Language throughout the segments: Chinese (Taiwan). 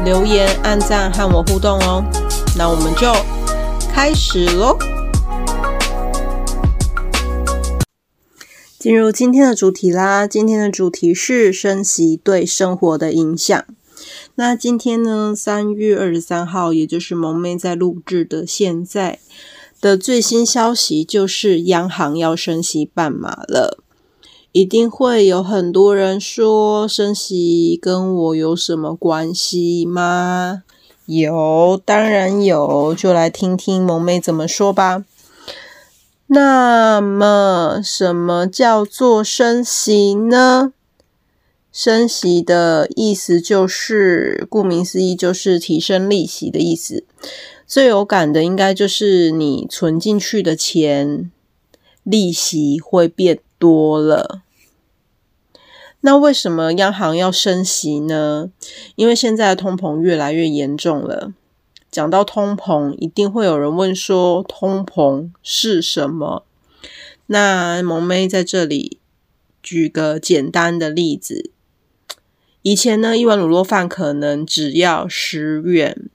留言、按讚和我互動哦，那我們就開始嘍，進入今天的主題啦。今天的主題是升息對生活的影響。那今天呢，三月二十三號，也就是萌咩在錄制的現在的最新消息，就是央行要升息半碼了。一定會有很多人說升息跟我有什麼關係嗎？有，當然有，就來聽聽萌咩怎麼說吧。那麼，什麼叫做升息呢？升息的意思就是，顧名思義就是提升利息的意思。最有感的應該就是你存進去的錢，利息會變多了。那為什麼央行要升息呢？因為現在的通膨越來越嚴重了。講到通膨，一定會有人問說：通膨是什麼？那萌咩在這裡舉個簡單的例子：以前呢，一碗滷肉飯可能只要十元，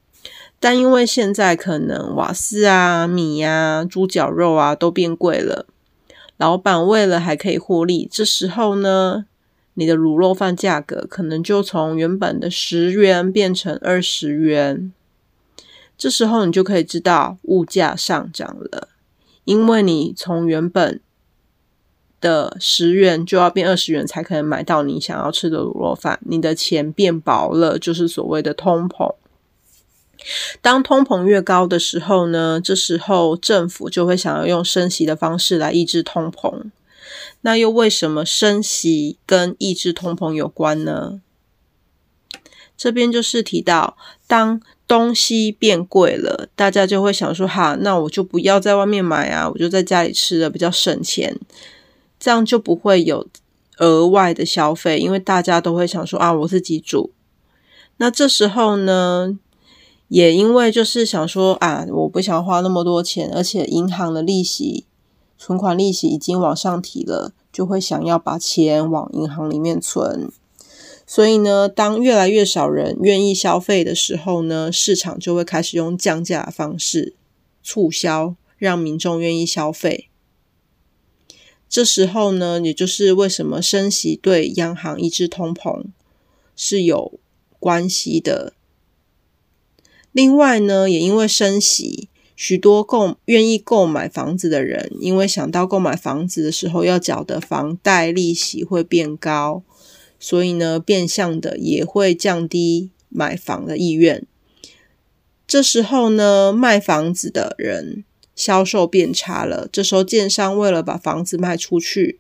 但因為現在可能瓦斯啊、米呀、啊、豬腳肉啊都變貴了，老闆為了還可以獲利，這時候呢。你的滷肉飯價格可能就從原本的十元變成二十元，這時候你就可以知道物價上漲了，因為你從原本的十元就要變二十元才可以買到你想要吃的滷肉飯，你的錢變薄了，就是所謂的通膨。當通膨越高的時候呢，這時候政府就會想要用升息的方式來抑制通膨。那又為什麼升息跟抑制通膨有關呢？這邊就是提到，當東西變貴了，大家就會想說，哈，那我就不要在外面買啊，我就在家裡吃了比較省錢，這樣就不會有額外的消費，因為大家都會想說，啊，我自己煮。那這時候呢，也因為就是想說，啊，我不想花那麼多錢，而且銀行的利息。存款利息已經往上提了，就會想要把錢往銀行裡面存。所以呢，當越來越少人願意消費的時候呢，市場就會開始用降價的方式促銷，讓民眾願意消費。這時候呢，也就是為什麼升息對央行抑制通膨是有關係的。另外呢，也因為升息。許多購願意購買房子的人，因為想到購買房子的時候要繳的房貸利息會變高，所以呢，變相的也會降低買房的意願。這時候呢，賣房子的人銷售變差了。這時候，建商為了把房子賣出去，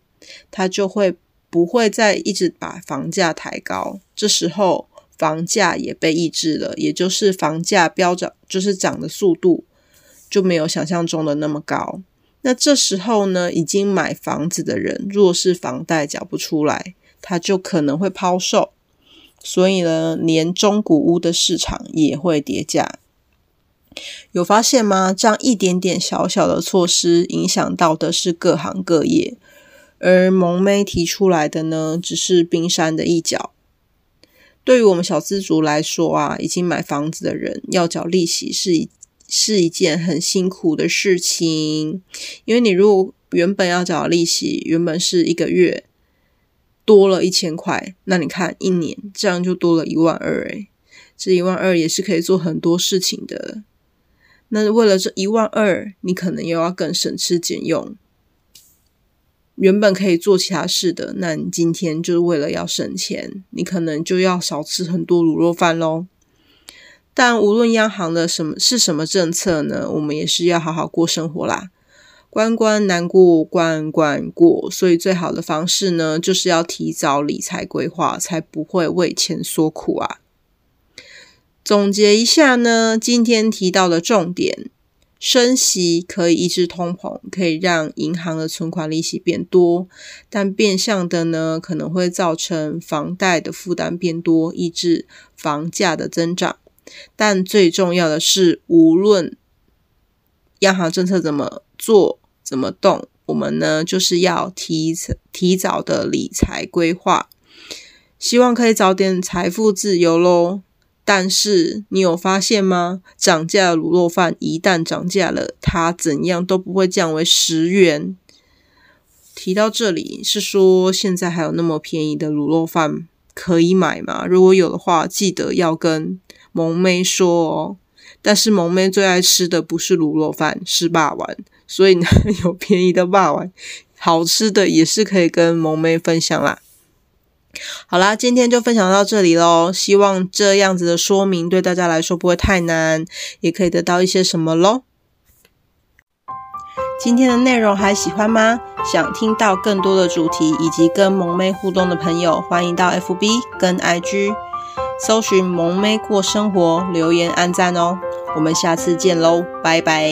他就會不會再一直把房價抬高。這時候，房價也被抑制了，也就是房價飆漲，就是漲的速度。就沒有想象中的那麼高。那這時候呢，已經買房子的人，若是房貸繳不出來，他就可能會拋售，所以呢，連中古屋的市場也會跌價。有發現嗎？這樣一點點小小的措施，影響到的是各行各業，而萌咩提出來的呢，只是冰山的一角。對於我們小資族來說啊，已經買房子的人要繳利息是一。是一件很辛苦的事情，因為你如果原本要繳利息，原本是一個月多了一千塊，那你看一年這樣就多了一萬二誒，誒這一萬二也是可以做很多事情的。那為了這一萬二，你可能又要更省吃儉用，原本可以做其他事的，那你今天就是為了要省錢，你可能就要少吃很多滷肉飯嘍。但無論央行的什麼是什麼政策呢，我們也是要好好過生活啦。關關難過，關關過，所以最好的方式呢，就是要提早理財規劃，才不會為錢所苦啊。總結一下呢，今天提到的重點：升息可以抑制通膨，可以讓銀行的存款利息變多，但變相的呢，可能會造成房貸的負擔變多，抑制房價的增長。但最重要的是，無論央行政策怎麼做、怎麼動，我們呢就是要提提早的理財規劃，希望可以早點財富自由嘍。但是你有發現嗎？漲價的滷肉飯一旦漲價了，它怎樣都不會降為十元。提到這裡，是說現在還有那麼便宜的滷肉飯可以買嗎？如果有的話，記得要跟。萌咩說：“哦，但是萌咩最愛吃的不是滷肉飯，是霸王。所以呢，有便宜的霸王，好吃的也是可以跟萌咩分享啦。好啦，今天就分享到這裡嘍。希望這樣子的說明對大家來說不會太難，也可以得到一些什麼嘍。今天的內容還喜歡嗎？想聽到更多的主題以及跟萌咩互動的朋友，歡迎到 FB 跟 IG。”搜尋“萌咩過生活”，留言按讚哦！我們下次見嘍，拜拜。